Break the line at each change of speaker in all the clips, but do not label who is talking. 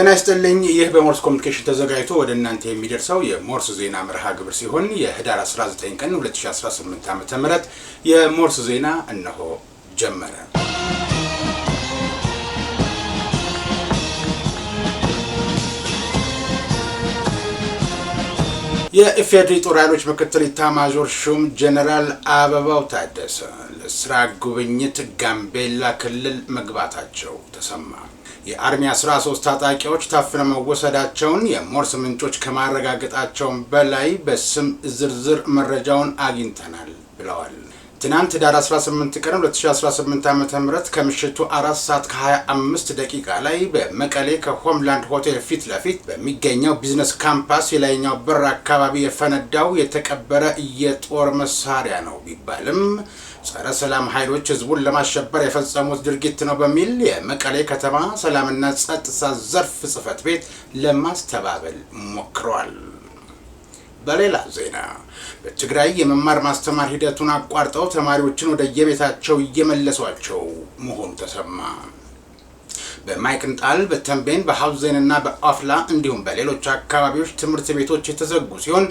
ጤና ይስጥልኝ። ይህ በሞርስ ኮሚኒኬሽን ተዘጋጅቶ ወደ እናንተ የሚደርሰው የሞርስ ዜና መርሃ ግብር ሲሆን የህዳር 19 ቀን 2018 ም የሞርስ ዜና እነሆ ጀመረ። የኢፌዴሪ ጦር ኃይሎች ምክትል ኢታማዦር ሹም ጀነራል አበባው ታደሰ ለስራ ጉብኝት ጋምቤላ ክልል መግባታቸው ተሰማ። የአርሚ 13 ታጣቂዎች ታፍነው መወሰዳቸውን የሞርስ ምንጮች ከማረጋገጣቸውን በላይ በስም ዝርዝር መረጃውን አግኝተናል ብለዋል። ትናንት ዳር 18 ቀን 2018 ዓ ም ከምሽቱ 4 ሰዓት ከ25 ደቂቃ ላይ በመቀሌ ከሆምላንድ ሆቴል ፊት ለፊት በሚገኘው ቢዝነስ ካምፓስ የላይኛው በር አካባቢ የፈነዳው የተቀበረ የጦር መሳሪያ ነው ቢባልም ጸረ ሰላም ኃይሎች ህዝቡን ለማሸበር የፈጸሙት ድርጊት ነው በሚል የመቀሌ ከተማ ሰላምና ጸጥታ ዘርፍ ጽህፈት ቤት ለማስተባበል ሞክረዋል። በሌላ ዜና በትግራይ የመማር ማስተማር ሂደቱን አቋርጠው ተማሪዎችን ወደ የቤታቸው እየመለሷቸው መሆኑ ተሰማ። በማይክንጣል በተንቤን ና በአፍላ እንዲሁም በሌሎች አካባቢዎች ትምህርት ቤቶች የተዘጉ ሲሆን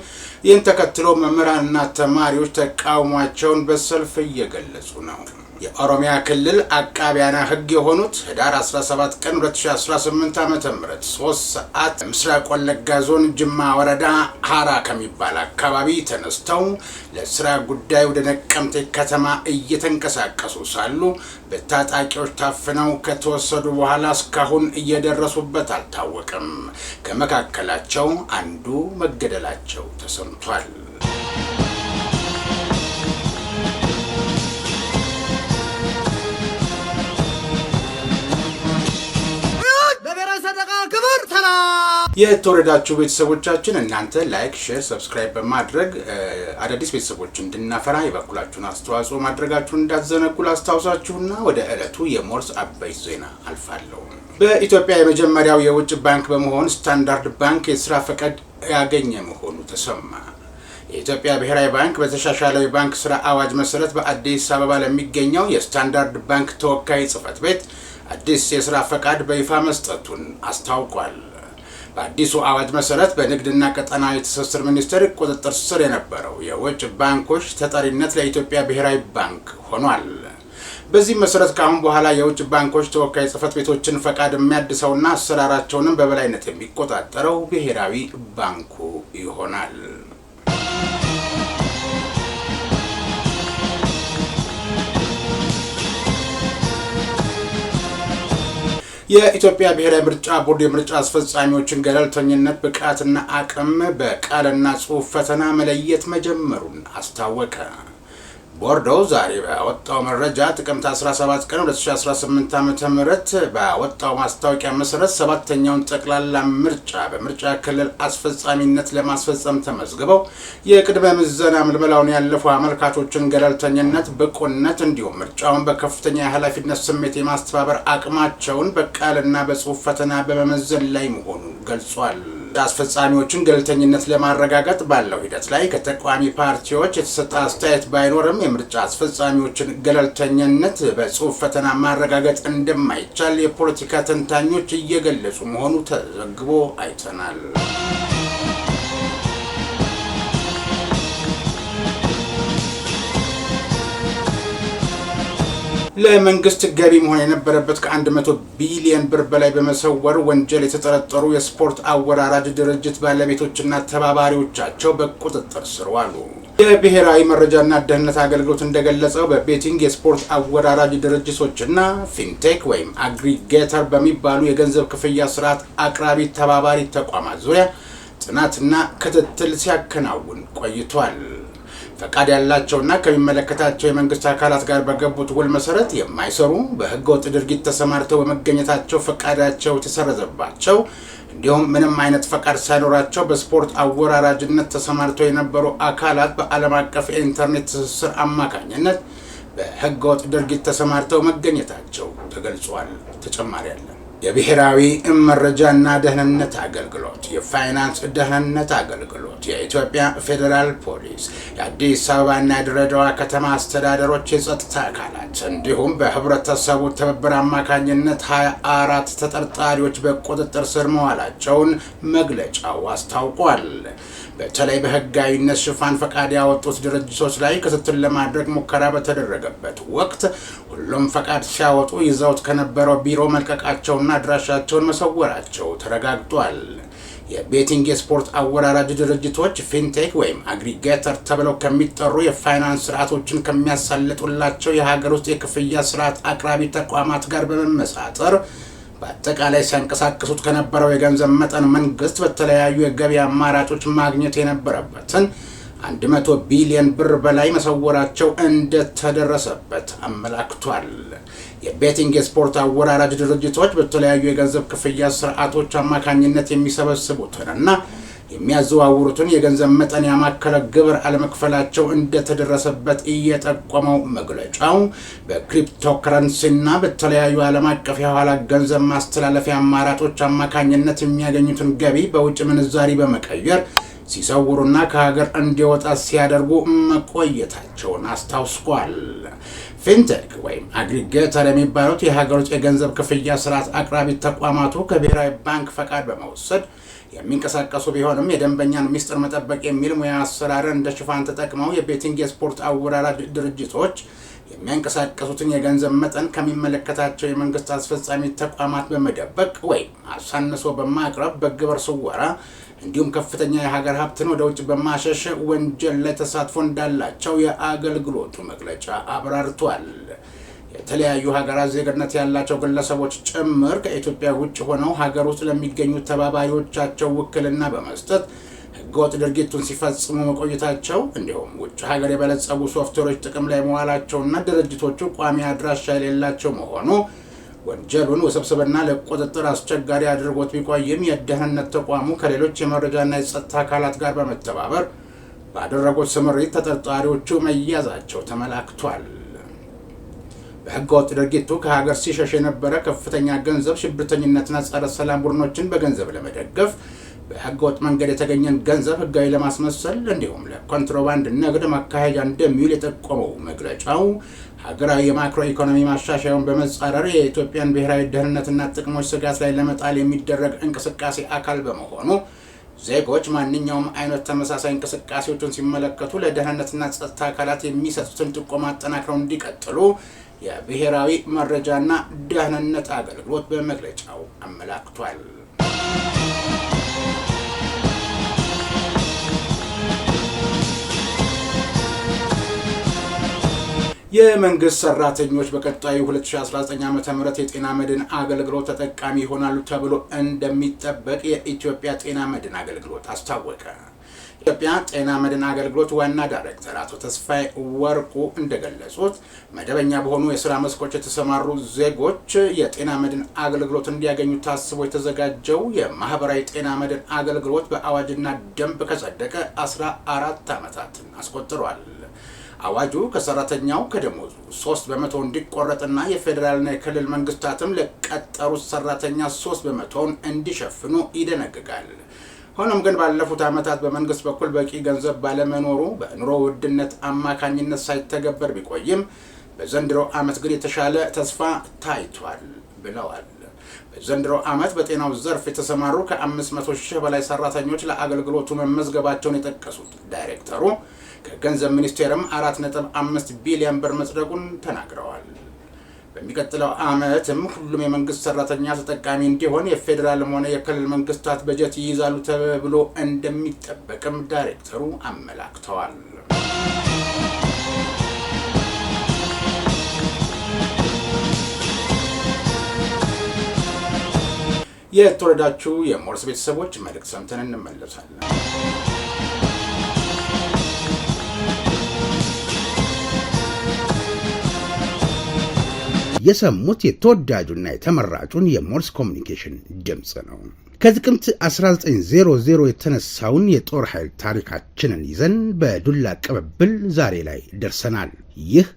ይህን ተከትሎ መምህራንና ተማሪዎች ተቃውሟቸውን በሰልፍ እየገለጹ ነው። የኦሮሚያ ክልል አቃቢያነ ሕግ የሆኑት ህዳር 17 ቀን 2018 ዓ ም 3 ሰዓት ምስራቅ ወለጋ ዞን ጅማ ወረዳ ሀራ ከሚባል አካባቢ ተነስተው ለስራ ጉዳይ ወደ ነቀምቴ ከተማ እየተንቀሳቀሱ ሳሉ በታጣቂዎች ታፍነው ከተወሰዱ በኋላ እስካሁን እየደረሱበት አልታወቅም። ከመካከላቸው አንዱ መገደላቸው ተሰምቷል። የተወረዳችሁ ቤተሰቦቻችን እናንተ ላይክ፣ ሼር፣ ሰብስክራይብ በማድረግ አዳዲስ ቤተሰቦች እንድናፈራ የበኩላችሁን አስተዋጽኦ ማድረጋችሁን እንዳትዘነጉ ላስታውሳችሁና ወደ ዕለቱ የሞርስ አበይት ዜና አልፋለሁ። በኢትዮጵያ የመጀመሪያው የውጭ ባንክ በመሆን ስታንዳርድ ባንክ የስራ ፈቃድ ያገኘ መሆኑ ተሰማ። የኢትዮጵያ ብሔራዊ ባንክ በተሻሻለው የባንክ ስራ አዋጅ መሰረት በአዲስ አበባ ለሚገኘው የስታንዳርድ ባንክ ተወካይ ጽህፈት ቤት አዲስ የስራ ፈቃድ በይፋ መስጠቱን አስታውቋል። በአዲሱ አዋጅ መሰረት በንግድና ቀጠናዊ ትስስር ሚኒስቴር ቁጥጥር ስር የነበረው የውጭ ባንኮች ተጠሪነት ለኢትዮጵያ ብሔራዊ ባንክ ሆኗል። በዚህ መሰረት ከአሁን በኋላ የውጭ ባንኮች ተወካይ ጽህፈት ቤቶችን ፈቃድ የሚያድሰውና አሰራራቸውንም በበላይነት የሚቆጣጠረው ብሔራዊ ባንኩ ይሆናል። የኢትዮጵያ ብሔራዊ ምርጫ ቦርድ የምርጫ አስፈጻሚዎችን ገለልተኝነት፣ ብቃትና አቅም በቃልና ጽሑፍ ፈተና መለየት መጀመሩን አስታወቀ። ቦርዶ ዛሬ ባወጣው መረጃ ጥቅምት 17 ቀን 2018 ዓ ም ባወጣው ማስታወቂያ መሰረት ሰባተኛውን ጠቅላላ ምርጫ በምርጫ ክልል አስፈጻሚነት ለማስፈጸም ተመዝግበው የቅድመ ምዘና ምልመላውን ያለፉ አመልካቾችን ገለልተኝነት፣ ብቁነት እንዲሁም ምርጫውን በከፍተኛ የኃላፊነት ስሜት የማስተባበር አቅማቸውን በቃልና በጽሁፍ ፈተና በመመዘን ላይ መሆኑን ገልጿል። አስፈጻሚዎቹን ገለልተኝነት ለማረጋገጥ ባለው ሂደት ላይ ከተቃዋሚ ፓርቲዎች የተሰጠ አስተያየት ባይኖርም የምርጫ አስፈጻሚዎችን ገለልተኝነት በጽሁፍ ፈተና ማረጋገጥ እንደማይቻል የፖለቲካ ተንታኞች እየገለጹ መሆኑ ተዘግቦ አይተናል። ለመንግስት ገቢ መሆን የነበረበት ከ100 ቢሊዮን ብር በላይ በመሰወር ወንጀል የተጠረጠሩ የስፖርት አወራራጅ ድርጅት ባለቤቶችና ተባባሪዎቻቸው በቁጥጥር ስር ዋሉ። የብሔራዊ መረጃና ደህንነት አገልግሎት እንደገለጸው በቤቲንግ የስፖርት አወራራጅ ድርጅቶችና ፊንቴክ ወይም አግሪጌተር በሚባሉ የገንዘብ ክፍያ ስርዓት አቅራቢ ተባባሪ ተቋማት ዙሪያ ጥናትና ክትትል ሲያከናውን ቆይቷል። ፈቃድ ያላቸውና ከሚመለከታቸው የመንግስት አካላት ጋር በገቡት ውል መሰረት የማይሰሩ በህገ ወጥ ድርጊት ተሰማርተው በመገኘታቸው ፈቃዳቸው የተሰረዘባቸው እንዲሁም ምንም አይነት ፈቃድ ሳይኖራቸው በስፖርት አወራራጅነት ተሰማርተው የነበሩ አካላት በዓለም አቀፍ የኢንተርኔት ትስስር አማካኝነት በህገ ወጥ ድርጊት ተሰማርተው መገኘታቸው ተገልጿል። ተጨማሪ አለን። የብሔራዊ መረጃና ደህንነት አገልግሎት፣ የፋይናንስ ደህንነት አገልግሎት፣ የኢትዮጵያ ፌዴራል ፖሊስ፣ የአዲስ አበባና የድሬዳዋ ከተማ አስተዳደሮች የጸጥታ አካላት እንዲሁም በህብረተሰቡ ትብብር አማካኝነት 24 ተጠርጣሪዎች በቁጥጥር ስር መዋላቸውን መግለጫው አስታውቋል። በተለይ በህጋዊነት ሽፋን ፈቃድ ያወጡት ድርጅቶች ላይ ክትትል ለማድረግ ሙከራ በተደረገበት ወቅት ሁሉም ፈቃድ ሲያወጡ ይዘውት ከነበረው ቢሮ መልቀቃቸውና አድራሻቸውን መሰወራቸው ተረጋግጧል። የቤቲንግ የስፖርት አወራራጅ ድርጅቶች ፊንቴክ ወይም አግሪጌተር ተብለው ከሚጠሩ የፋይናንስ ስርዓቶችን ከሚያሳልጡላቸው የሀገር ውስጥ የክፍያ ስርዓት አቅራቢ ተቋማት ጋር በመመሳጠር በአጠቃላይ ሲያንቀሳቅሱት ከነበረው የገንዘብ መጠን መንግስት በተለያዩ የገበያ አማራጮች ማግኘት የነበረበትን 100 ቢሊዮን ብር በላይ መሰወራቸው እንደተደረሰበት አመላክቷል። የቤቲንግ የስፖርት አወራራጅ ድርጅቶች በተለያዩ የገንዘብ ክፍያ ስርዓቶች አማካኝነት የሚሰበስቡትን እና የሚያዘዋውሩትን የገንዘብ መጠን ያማከለ ግብር አለመክፈላቸው እንደተደረሰበት እየጠቆመው መግለጫው በክሪፕቶከረንሲና በተለያዩ ዓለም አቀፍ የኋላ ገንዘብ ማስተላለፊያ አማራጮች አማካኝነት የሚያገኙትን ገቢ በውጭ ምንዛሪ በመቀየር ሲሰውሩና ከሀገር እንዲወጣ ሲያደርጉ መቆየታቸውን አስታውስቋል። ፊንቴክ ወይም አግሪጌተር የሚባሉት የሀገሮች የገንዘብ ክፍያ ስርዓት አቅራቢ ተቋማቱ ከብሔራዊ ባንክ ፈቃድ በመውሰድ የሚንቀሳቀሱ ቢሆንም የደንበኛን ሚስጥር መጠበቅ የሚል ሙያ አሰራርን እንደ ሽፋን ተጠቅመው የቤቲንግ የስፖርት አወራራጅ ድርጅቶች የሚያንቀሳቀሱትን የገንዘብ መጠን ከሚመለከታቸው የመንግስት አስፈጻሚ ተቋማት በመደበቅ ወይም አሳንሶ በማቅረብ በግብር ስወራ እንዲሁም ከፍተኛ የሀገር ሀብትን ወደ ውጭ በማሸሽ ወንጀል ላይ ተሳትፎ እንዳላቸው የአገልግሎቱ መግለጫ አብራርቷል። የተለያዩ ሀገራት ዜግነት ያላቸው ግለሰቦች ጭምር ከኢትዮጵያ ውጭ ሆነው ሀገር ውስጥ ለሚገኙ ተባባሪዎቻቸው ውክልና በመስጠት ህገወጥ ድርጊቱን ሲፈጽሙ መቆየታቸው እንዲሁም ውጭ ሀገር የበለጸጉ ሶፍትዌሮች ጥቅም ላይ መዋላቸውና ድርጅቶቹ ቋሚ አድራሻ የሌላቸው መሆኑ ወንጀሉን ውስብስብና ለቁጥጥር አስቸጋሪ አድርጎት ቢቆይም የደህንነት ተቋሙ ከሌሎች የመረጃና የጸጥታ አካላት ጋር በመተባበር ባደረጉት ስምሪት ተጠርጣሪዎቹ መያዛቸው ተመላክቷል። ወጥ ድርጊቱ ከሀገር ሲሸሽ የነበረ ከፍተኛ ገንዘብ ሽብርተኝነትና ጸረ ሰላም ቡድኖችን በገንዘብ ለመደገፍ በህገወጥ መንገድ የተገኘን ገንዘብ ህጋዊ ለማስመሰል እንዲሁም ለኮንትሮባንድ ንግድ ማካሄጃ እንደሚውል የጠቆመው መግለጫው ሀገራዊ የማክሮ ኢኮኖሚ ማሻሻያውን በመጻረር የኢትዮጵያን ብሔራዊ ደህንነትና ጥቅሞች ስጋት ላይ ለመጣል የሚደረግ እንቅስቃሴ አካል በመሆኑ ዜጎች ማንኛውም አይነት ተመሳሳይ እንቅስቃሴዎችን ሲመለከቱ ለደህንነትና ጸጥታ አካላት የሚሰጡትን ጥቆማ አጠናክረው እንዲቀጥሉ የብሔራዊ መረጃና ደህንነት አገልግሎት በመግለጫው አመላክቷል። የመንግስት ሰራተኞች በቀጣዩ 2019 ዓ ም የጤና መድን አገልግሎት ተጠቃሚ ይሆናሉ ተብሎ እንደሚጠበቅ የኢትዮጵያ ጤና መድን አገልግሎት አስታወቀ። ኢትዮጵያ ጤና መድን አገልግሎት ዋና ዳይሬክተር አቶ ተስፋዬ ወርቁ እንደገለጹት መደበኛ በሆኑ የስራ መስኮች የተሰማሩ ዜጎች የጤና መድን አገልግሎት እንዲያገኙ ታስቦ የተዘጋጀው የማህበራዊ ጤና መድን አገልግሎት በአዋጅና ደንብ ከጸደቀ 14 ዓመታትን አስቆጥሯል። አዋጁ ከሰራተኛው ከደሞዙ ሶስት በመቶ እንዲቆረጥና የፌዴራልና የክልል መንግስታትም ለቀጠሩት ሰራተኛ ሶስት በመቶውን እንዲሸፍኑ ይደነግጋል። ሆኖም ግን ባለፉት ዓመታት በመንግስት በኩል በቂ ገንዘብ ባለመኖሩ በኑሮ ውድነት አማካኝነት ሳይተገበር ቢቆይም በዘንድሮ ዓመት ግን የተሻለ ተስፋ ታይቷል ብለዋል። በዘንድሮ ዓመት በጤናው ዘርፍ የተሰማሩ ከ500 ሺህ በላይ ሰራተኞች ለአገልግሎቱ መመዝገባቸውን የጠቀሱት ዳይሬክተሩ ከገንዘብ ሚኒስቴርም 4.5 ቢሊዮን ብር መጽደቁን ተናግረዋል። በሚቀጥለው ዓመትም ሁሉም የመንግስት ሰራተኛ ተጠቃሚ እንዲሆን የፌዴራልም ሆነ የክልል መንግስታት በጀት ይይዛሉ ተብሎ እንደሚጠበቅም ዳይሬክተሩ አመላክተዋል። የተወረዳችሁ የሞርስ ቤተሰቦች መልእክት ሰምተን እንመለሳለን። የሰሙት የተወዳጁና የተመራጩን የሞርስ ኮሚኒኬሽን ድምፅ ነው። ከጥቅምት 1900 የተነሳውን የጦር ኃይል ታሪካችንን ይዘን በዱላ ቅብብል ዛሬ ላይ ደርሰናል። ይህ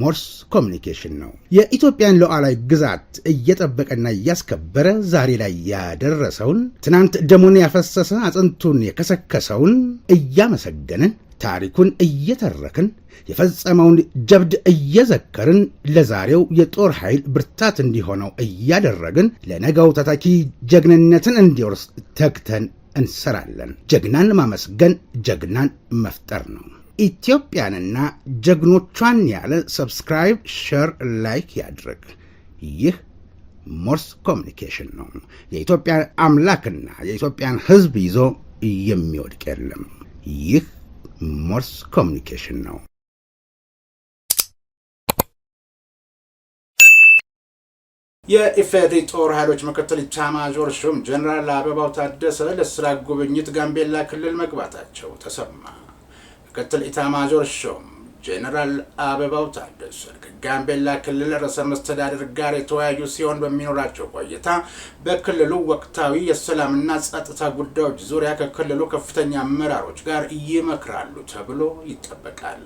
ሞርስ ኮሚኒኬሽን ነው። የኢትዮጵያን ሉዓላዊ ግዛት እየጠበቀና እያስከበረ ዛሬ ላይ ያደረሰውን ትናንት ደሙን ያፈሰሰ አጥንቱን የከሰከሰውን እያመሰገንን ታሪኩን እየተረክን የፈጸመውን ጀብድ እየዘከርን ለዛሬው የጦር ኃይል ብርታት እንዲሆነው እያደረግን ለነገው ተተኪ ጀግንነትን እንዲወርስ ተግተን እንሰራለን። ጀግናን ማመስገን ጀግናን መፍጠር ነው። ኢትዮጵያንና ጀግኖቿን ያለ ሰብስክራይብ፣ ሸር ላይክ ያድርግ። ይህ ሞርስ ኮሚኒኬሽን ነው። የኢትዮጵያን አምላክና የኢትዮጵያን ሕዝብ ይዞ የሚወድቅ የለም። ይህ ሞርስ ኮሚኒኬሽን ነው። የኢፌዴሪ ጦር ኃይሎች ምክትል ኢታማዦር ሹም ጀኔራል አበባው ታደሰ ለስራ ጉብኝት ጋምቤላ ክልል መግባታቸው ተሰማ። ምክትል ኢታማዦር ሹም ጄኔራል አበባው ታደሰ ከጋምቤላ ክልል ርዕሰ መስተዳድር ጋር የተወያዩ ሲሆን በሚኖራቸው ቆይታ በክልሉ ወቅታዊ የሰላምና ጸጥታ ጉዳዮች ዙሪያ ከክልሉ ከፍተኛ አመራሮች ጋር ይመክራሉ ተብሎ ይጠበቃል።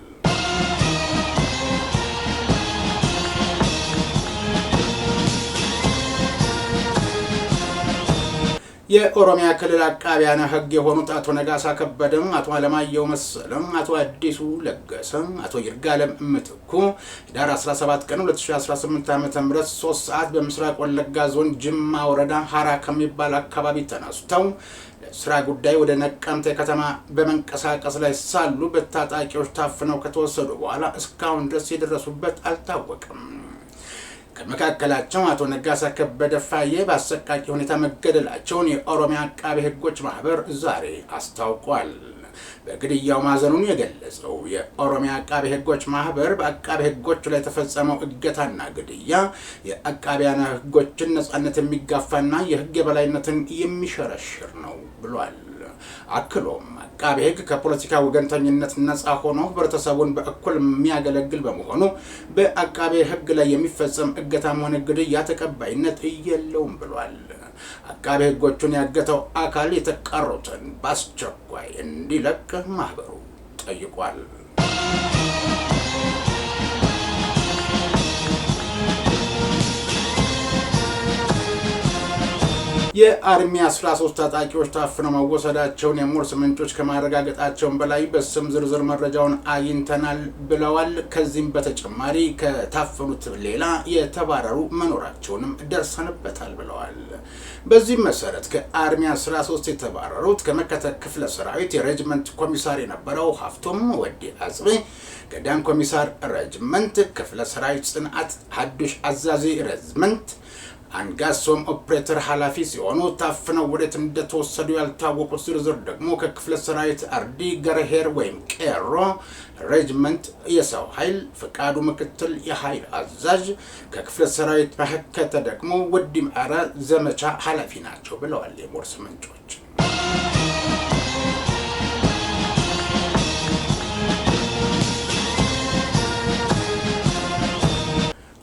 የኦሮሚያ ክልል አቃቢያነ ሕግ የሆኑት አቶ ነጋሳ ከበደም አቶ አለማየሁ መሰለም አቶ አዲሱ ለገሰም አቶ ይርጋለም ምትኩ ዳር 17 ቀን 2018 ዓ ም 3 ሰዓት በምስራቅ ወለጋ ዞን ጅማ ወረዳ ሀራ ከሚባል አካባቢ ተነስተው ስራ ጉዳይ ወደ ነቀምተ ከተማ በመንቀሳቀስ ላይ ሳሉ በታጣቂዎች ታፍነው ከተወሰዱ በኋላ እስካሁን ድረስ የደረሱበት አልታወቀም። ከመካከላቸው አቶ ነጋሳ ከበደ ፋዬ በአሰቃቂ ሁኔታ መገደላቸውን የኦሮሚያ አቃቤ ሕጎች ማህበር ዛሬ አስታውቋል። በግድያው ማዘኑን የገለጸው የኦሮሚያ አቃቤ ሕጎች ማህበር በአቃቤ ህጎቹ ላይ የተፈጸመው እገታና ግድያ የአቃቢያነ ሕጎችን ነጻነት የሚጋፋና የህግ የበላይነትን የሚሸረሽር ነው ብሏል። አክሎም አቃቤ ሕግ ከፖለቲካ ወገንተኝነት ነፃ ሆኖ ህብረተሰቡን በእኩል የሚያገለግል በመሆኑ በአቃቤ ሕግ ላይ የሚፈጸም እገታም ሆነ ግድያ ተቀባይነት የለውም ብሏል። አቃቤ ሕጎቹን ያገተው አካል የተቀሩትን በአስቸኳይ እንዲለቅ ማህበሩ ጠይቋል። የአርሚ 13 ታጣቂዎች ታፍነው መወሰዳቸውን የሞርስ ምንጮች ከማረጋገጣቸውን በላይ በስም ዝርዝር መረጃውን አግኝተናል ብለዋል። ከዚህም በተጨማሪ ከታፈኑት ሌላ የተባረሩ መኖራቸውንም ደርሰንበታል ብለዋል። በዚህም መሰረት ከአርሚ 13 የተባረሩት ከመከተል ክፍለ ሰራዊት የሬጅመንት ኮሚሳር የነበረው ሀፍቶም ወዲ አጽቤ ከዳን ኮሚሳር ሬጅመንት ክፍለ ሰራዊት ጽንዓት ሀዱሽ አዛዚ ሬጅመንት አንጋሶም ኦፕሬተር ኃላፊ ሲሆኑ ታፍነው ወዴት እንደተወሰዱ ያልታወቁት ዝርዝር ደግሞ ከክፍለ ሰራዊት አርዲ ገረሄር ወይም ቄሮ ሬጅመንት የሰው ኃይል ፍቃዱ ምክትል የኃይል አዛዥ፣ ከክፍለ ሰራዊት በህከተ ደግሞ ውድ ምዕረ ዘመቻ ኃላፊ ናቸው ብለዋል የሞርስ ምንጮች።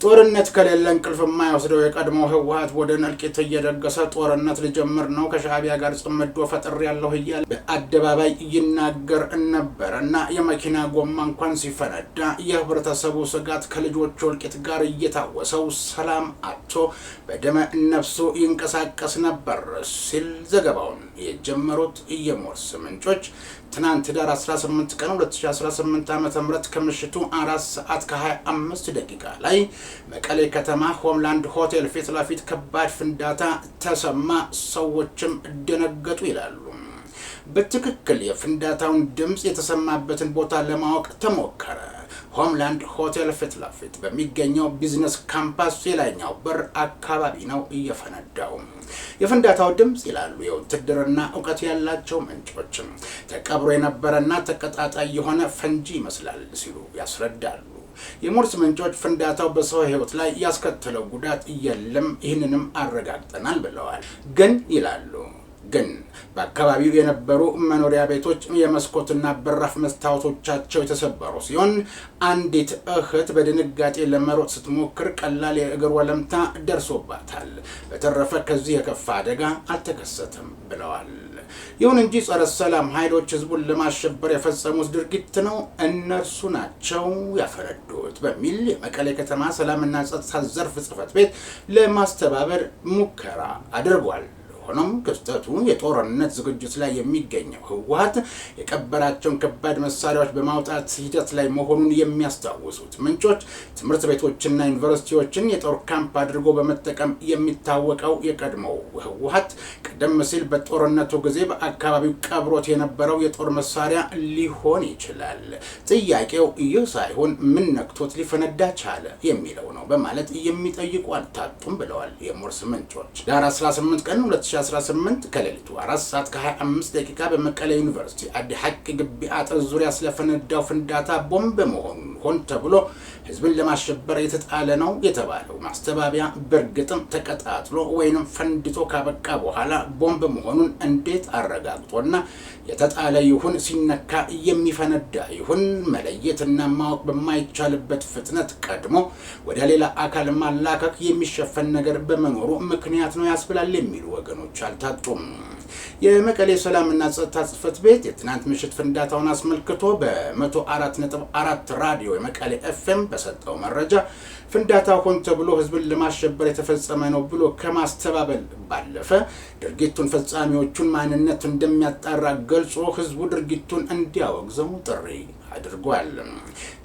ጦርነት ከሌለ እንቅልፍ የማይወስደው የቀድሞ ህወሀት ወደ እልቂት እየደገሰ ጦርነት ልጀምር ነው ከሻዕቢያ ጋር ጽምዶ ፈጥር ያለው እያለ በአደባባይ ይናገር ነበር እና የመኪና ጎማ እንኳን ሲፈነዳ የህብረተሰቡ ስጋት ከልጆቹ እልቂት ጋር እየታወሰው ሰላም አጥቶ በደመ ነፍሱ ይንቀሳቀስ ነበር ሲል ዘገባውን የጀመሩት የሞርስ ምንጮች ትናንት ዳር 18 ቀን 2018 ዓ.ም ከምሽቱ 4 ሰዓት ከ25 ደቂቃ ላይ መቀሌ ከተማ ሆምላንድ ሆቴል ፊት ለፊት ከባድ ፍንዳታ ተሰማ፣ ሰዎችም ደነገጡ ይላሉ። በትክክል የፍንዳታውን ድምፅ የተሰማበትን ቦታ ለማወቅ ተሞከረ። ሆምላንድ ሆቴል ፊት ለፊት በሚገኘው ቢዝነስ ካምፓስ የላይኛው በር አካባቢ ነው እየፈነዳው። የፍንዳታው ድምፅ ይላሉ የውትድርና እውቀት ያላቸው ምንጮችም ተቀብሮ የነበረና ተቀጣጣይ የሆነ ፈንጂ ይመስላል ሲሉ ያስረዳሉ። የሞርስ ምንጮች ፍንዳታው በሰው ሕይወት ላይ ያስከተለው ጉዳት የለም፣ ይህንንም አረጋግጠናል ብለዋል። ግን ይላሉ ግን በአካባቢው የነበሩ መኖሪያ ቤቶች የመስኮትና በራፍ መስታወቶቻቸው የተሰበሩ ሲሆን አንዲት እህት በድንጋጤ ለመሮጥ ስትሞክር ቀላል የእግር ወለምታ ደርሶባታል። በተረፈ ከዚህ የከፋ አደጋ አልተከሰተም ብለዋል። ይሁን እንጂ ጸረ ሰላም ኃይሎች ህዝቡን ለማሸበር የፈጸሙት ድርጊት ነው እነርሱ ናቸው ያፈረዱት በሚል የመቀሌ ከተማ ሰላምና ጸጥታ ዘርፍ ጽህፈት ቤት ለማስተባበር ሙከራ አድርጓል። ሆኖም ክስተቱ የጦርነት ዝግጅት ላይ የሚገኘው ህወሀት የቀበራቸውን ከባድ መሳሪያዎች በማውጣት ሂደት ላይ መሆኑን የሚያስታውሱት ምንጮች ትምህርት ቤቶችና ዩኒቨርሲቲዎችን የጦር ካምፕ አድርጎ በመጠቀም የሚታወቀው የቀድሞው ህወሀት ቀደም ሲል በጦርነቱ ጊዜ በአካባቢው ቀብሮት የነበረው የጦር መሳሪያ ሊሆን ይችላል። ጥያቄው ይህ ሳይሆን ምን ነክቶት ሊፈነዳ ቻለ የሚለው ነው በማለት የሚጠይቁ አልታጡም ብለዋል የሞርስ ምንጮች ዳር 18 ቀን 2018 ከሌሊቱ 4 ሰዓት ከ25 ደቂቃ በመቀለ ዩኒቨርሲቲ አዲ ሐቅ ግቢ አጥር ዙሪያ ስለፈነዳው ፍንዳታ ቦምብ መሆኑን ሆን ተብሎ ህዝብን ለማሸበር የተጣለ ነው የተባለው ማስተባበያ በእርግጥም ተቀጣጥሎ ወይንም ፈንድቶ ካበቃ በኋላ ቦምብ መሆኑን እንዴት አረጋግጦና የተጣለ ይሁን ሲነካ የሚፈነዳ ይሁን መለየትና ማወቅ በማይቻልበት ፍጥነት ቀድሞ ወደ ሌላ አካል ማላከክ የሚሸፈን ነገር በመኖሩ ምክንያት ነው ያስብላል የሚሉ ወገኖች አልታጡም። የመቀሌ ሰላምና ጸጥታ ጽህፈት ቤት የትናንት ምሽት ፍንዳታውን አስመልክቶ በ104.4 ራዲዮ የመቀሌ ኤፍኤም በሰጠው መረጃ ፍንዳታ ሆን ተብሎ ህዝብን ለማሸበር የተፈጸመ ነው ብሎ ከማስተባበል ባለፈ ድርጊቱን ፈጻሚዎቹን ማንነት እንደሚያጣራ ገልጾ ህዝቡ ድርጊቱን እንዲያወግዘው ጥሪ አድርጓል።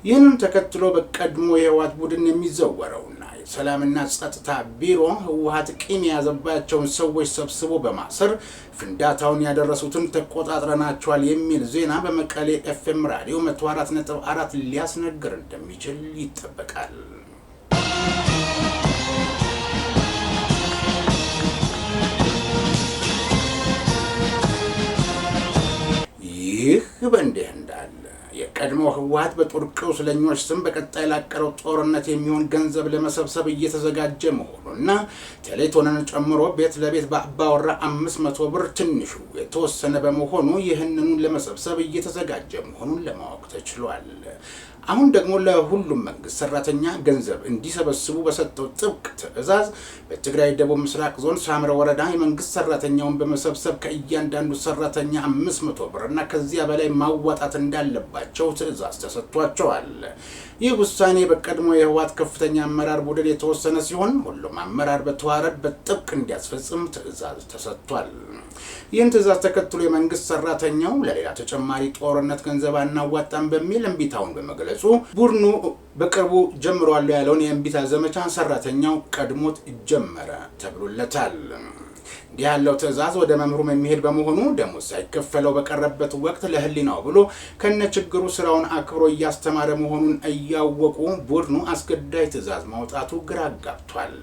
ይህንም ተከትሎ በቀድሞ የህወሓት ቡድን የሚዘወረው ሰላምና ጸጥታ ቢሮ ህወሀት ቂም የያዘባቸውን ሰዎች ሰብስቦ በማሰር ፍንዳታውን ያደረሱትን ተቆጣጥረናቸዋል የሚል ዜና በመቀሌ ኤፍኤም ራዲዮ 104.4 ሊያስነግር እንደሚችል ይጠበቃል። ይህ በእንዲህ ቀድሞ ህወሀት በቱርክው ስለኞች ስም በቀጣይ ላቀረው ጦርነት የሚሆን ገንዘብ ለመሰብሰብ እየተዘጋጀ መሆኑና ቴሌቶንን ጨምሮ ቤት ለቤት በአባወራ አምስት መቶ ብር ትንሹ የተወሰነ በመሆኑ ይህንኑን ለመሰብሰብ እየተዘጋጀ መሆኑን ለማወቅ ተችሏል። አሁን ደግሞ ለሁሉም መንግስት ሰራተኛ ገንዘብ እንዲሰበስቡ በሰጠው ጥብቅ ትዕዛዝ በትግራይ ደቡብ ምስራቅ ዞን ሳምረ ወረዳ የመንግስት ሰራተኛውን በመሰብሰብ ከእያንዳንዱ ሰራተኛ አምስት መቶ ብር እና ከዚያ በላይ ማዋጣት እንዳለባቸው ትዕዛዝ ተሰጥቷቸዋል። ይህ ውሳኔ በቀድሞ የህወሓት ከፍተኛ አመራር ቡድን የተወሰነ ሲሆን ሁሉም አመራር በተዋረድ በጥብቅ እንዲያስፈጽም ትዕዛዝ ተሰጥቷል። ይህን ትዕዛዝ ተከትሎ የመንግስት ሰራተኛው ለሌላ ተጨማሪ ጦርነት ገንዘብ አናዋጣም በሚል እምቢታውን በመግለጹ ቡድኑ በቅርቡ ጀምሯል ያለውን የእምቢታ ዘመቻ ሰራተኛው ቀድሞት ጀመረ ተብሎለታል። ያለው ትዕዛዝ ወደ መምህሩም የሚሄድ በመሆኑ ደሞዝ ሳይከፈለው በቀረበት ወቅት ለህሊናው ብሎ ከነ ችግሩ ስራውን አክብሮ እያስተማረ መሆኑን እያወቁ ቡድኑ አስገዳጅ ትዕዛዝ ማውጣቱ ግራ አጋብቷል።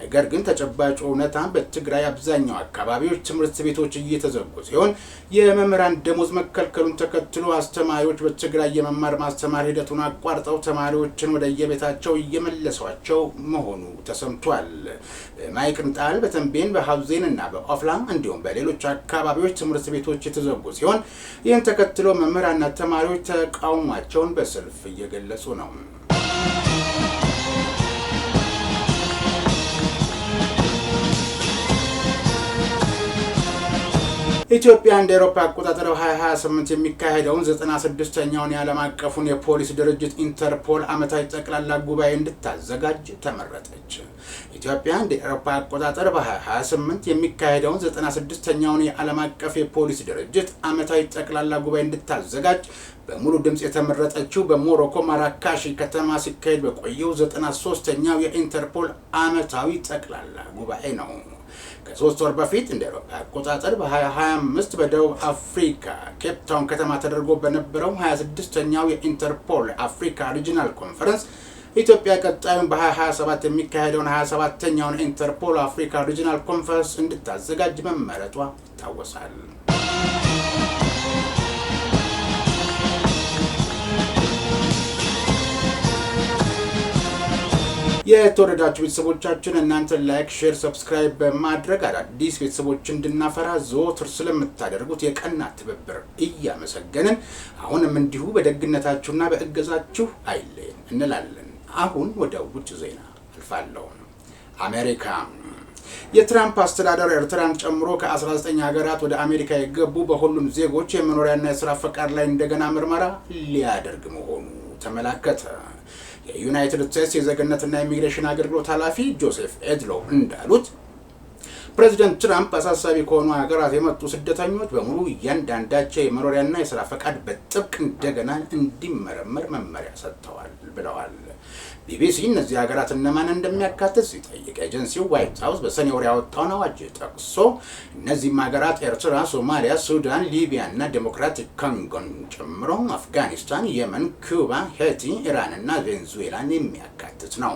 ነገር ግን ተጨባጭ እውነታ በትግራይ አብዛኛው አካባቢዎች ትምህርት ቤቶች እየተዘጉ ሲሆን የመምህራን ደሞዝ መከልከሉን ተከትሎ አስተማሪዎች በትግራይ የመማር ማስተማር ሂደቱን አቋርጠው ተማሪዎችን ወደ የቤታቸው እየመለሷቸው መሆኑ ተሰምቷል። በማይቅንጣል በተንቤን በሀብዜንና ኦፍላ እንዲሁም በሌሎች አካባቢዎች ትምህርት ቤቶች የተዘጉ ሲሆን ይህን ተከትሎ መምህራንና ተማሪዎች ተቃውሟቸውን በሰልፍ እየገለጹ ነው። ኢትዮጵያ እንደ አውሮፓ አቆጣጠር 2028 የሚካሄደውን 96ኛውን የዓለም አቀፉን የፖሊስ ድርጅት ኢንተርፖል ዓመታዊ ጠቅላላ ጉባኤ እንድታዘጋጅ ተመረጠች። ኢትዮጵያ እንደ አውሮፓ አቆጣጠር በ2028 የሚካሄደውን 96ኛውን የዓለም አቀፍ የፖሊስ ድርጅት ዓመታዊ ጠቅላላ ጉባኤ እንድታዘጋጅ በሙሉ ድምፅ የተመረጠችው በሞሮኮ ማራካሽ ከተማ ሲካሄድ በቆየው 93ኛው የኢንተርፖል ዓመታዊ ጠቅላላ ጉባኤ ነው። ከሶስት ወር በፊት እንደ አውሮፓ አቆጣጠር በ2025 በደቡብ አፍሪካ ኬፕታውን ከተማ ተደርጎ በነበረው 26ኛው የኢንተርፖል አፍሪካ ሪጂናል ኮንፈረንስ ኢትዮጵያ ቀጣዩን በ2027 የሚካሄደውን 27ተኛውን ኢንተርፖል አፍሪካ ሪጂናል ኮንፈረንስ እንድታዘጋጅ መመረጧ ይታወሳል። የተወደዳችሁ ቤተሰቦቻችን እናንተ ላይክ፣ ሼር፣ ሰብስክራይብ በማድረግ አዳዲስ ቤተሰቦች እንድናፈራ ዘወትር ስለምታደርጉት የቀና ትብብር እያመሰገንን አሁንም እንዲሁ በደግነታችሁና በእገዛችሁ አይለየን እንላለን። አሁን ወደ ውጭ ዜና አልፋለሁ። አሜሪካ የትራምፕ አስተዳደር ኤርትራን ጨምሮ ከ19 ሀገራት ወደ አሜሪካ የገቡ በሁሉም ዜጎች የመኖሪያና የስራ ፈቃድ ላይ እንደገና ምርመራ ሊያደርግ መሆኑ ተመላከተ። የዩናይትድ ስቴትስ የዜግነትና ኢሚግሬሽን አገልግሎት ኃላፊ ጆሴፍ ኤድሎ እንዳሉት ፕሬዚደንት ትራምፕ አሳሳቢ ከሆኑ ሀገራት የመጡ ስደተኞች በሙሉ እያንዳንዳቸው የመኖሪያና የስራ ፈቃድ በጥብቅ እንደገና እንዲመረመር መመሪያ ሰጥተዋል ብለዋል። ቢቢሲ እነዚህ ሀገራት እነማን እንደሚያካትት ሲጠይቅ ኤጀንሲው ዋይት ሀውስ በሰኔ ወር ያወጣውን አዋጅ ጠቅሶ እነዚህም ሀገራት ኤርትራ፣ ሶማሊያ፣ ሱዳን፣ ሊቢያ እና ዴሞክራቲክ ኮንጎን ጨምሮ አፍጋኒስታን፣ የመን፣ ኩባ፣ ሄቲ፣ ኢራን እና ቬንዙዌላን የሚያካትት ነው።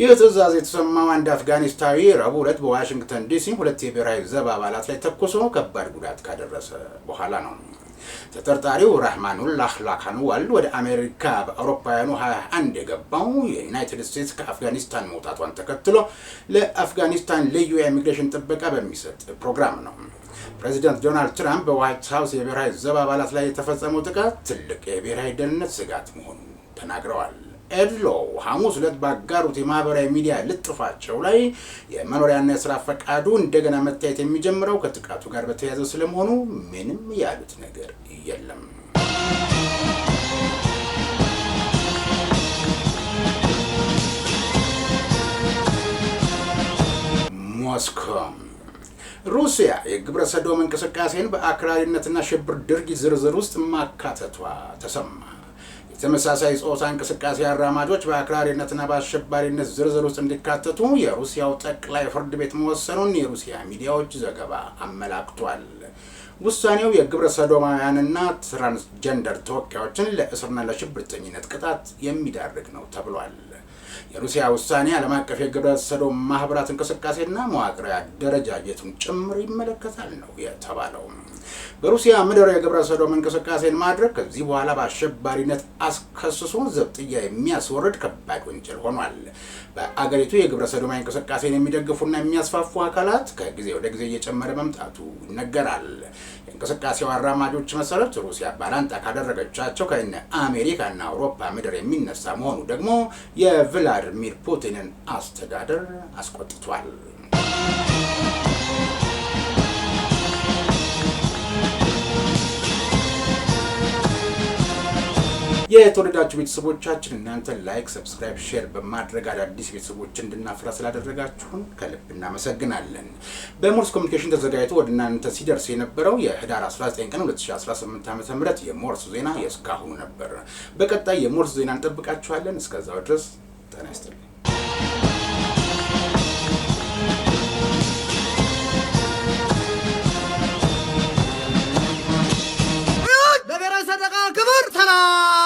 ይህ ትዕዛዝ የተሰማው አንድ አፍጋኒስታዊ ረቡዕ ዕለት በዋሽንግተን ዲሲ ሁለት የብሔራዊ ዘብ አባላት ላይ ተኩሶ ከባድ ጉዳት ካደረሰ በኋላ ነው። ተጠርጣሪው ራህማኑላህ ላካንዋል ወደ አሜሪካ በአውሮፓውያኑ 21 የገባው የዩናይትድ ስቴትስ ከአፍጋኒስታን መውጣቷን ተከትሎ ለአፍጋኒስታን ልዩ የኢሚግሬሽን ጥበቃ በሚሰጥ ፕሮግራም ነው። ፕሬዚደንት ዶናልድ ትራምፕ በዋይት ሀውስ የብሔራዊ ዘብ አባላት ላይ የተፈጸመው ጥቃት ትልቅ የብሔራዊ ደህንነት ስጋት መሆኑን ተናግረዋል። ኤድሎ ሐሙስ ዕለት ባጋሩት የማህበራዊ ሚዲያ ልጥፋቸው ላይ የመኖሪያና የስራ ፈቃዱ እንደገና መታየት የሚጀምረው ከጥቃቱ ጋር በተያያዘ ስለመሆኑ ምንም ያሉት ነገር የለም። ሞስኮ ሩሲያ የግብረ ሰዶም እንቅስቃሴን በአክራሪነትና ሽብር ድርጊት ዝርዝር ውስጥ ማካተቷ ተሰማ። የተመሳሳይ ጾታ እንቅስቃሴ አራማጆች በአክራሪነትና በአሸባሪነት ዝርዝር ውስጥ እንዲካተቱ የሩሲያው ጠቅላይ ፍርድ ቤት መወሰኑን የሩሲያ ሚዲያዎች ዘገባ አመላክቷል። ውሳኔው የግብረ ሰዶማውያንና ትራንስጀንደር ተወካዮችን ለእስርና ለሽብርተኝነት ቅጣት የሚዳርግ ነው ተብሏል። የሩሲያ ውሳኔ ዓለም አቀፍ የግብረ ሰዶም ማህበራት እንቅስቃሴና መዋቅራዊ አደረጃጀቱን ጭምር ይመለከታል ነው የተባለው። በሩሲያ ምድር የግብረ ሰዶም እንቅስቃሴን ማድረግ ከዚህ በኋላ በአሸባሪነት አስከስሶ ዘብጥያ የሚያስወርድ ከባድ ወንጀል ሆኗል። በአገሪቱ የግብረ ሰዶማ እንቅስቃሴን የሚደግፉና የሚያስፋፉ አካላት ከጊዜ ወደ ጊዜ እየጨመረ መምጣቱ ይነገራል። እንቅስቃሴው አራማጆች መሰረት ሩሲያ ባላንጣ ካደረገቻቸው ከነ አሜሪካና አውሮፓ ምድር የሚነሳ መሆኑ ደግሞ የቭላድሚር ፑቲንን አስተዳደር አስቆጥቷል። የተወደዳችሁ ቤተሰቦቻችን እናንተ ላይክ፣ ሰብስክራይብ፣ ሼር በማድረግ አዳዲስ ቤተሰቦች እንድናፈራ ስላደረጋችሁን ከልብ እናመሰግናለን። በሞርስ ኮሚኒኬሽን ተዘጋጅቶ ወደ እናንተ ሲደርስ የነበረው የህዳር 19 ቀን 2018 ዓ ም የሞርስ ዜና የእስካሁኑ ነበር። በቀጣይ የሞርስ ዜና እንጠብቃችኋለን። እስከዛው ድረስ ጤና ይስጥልኝ። ክብር ሰላም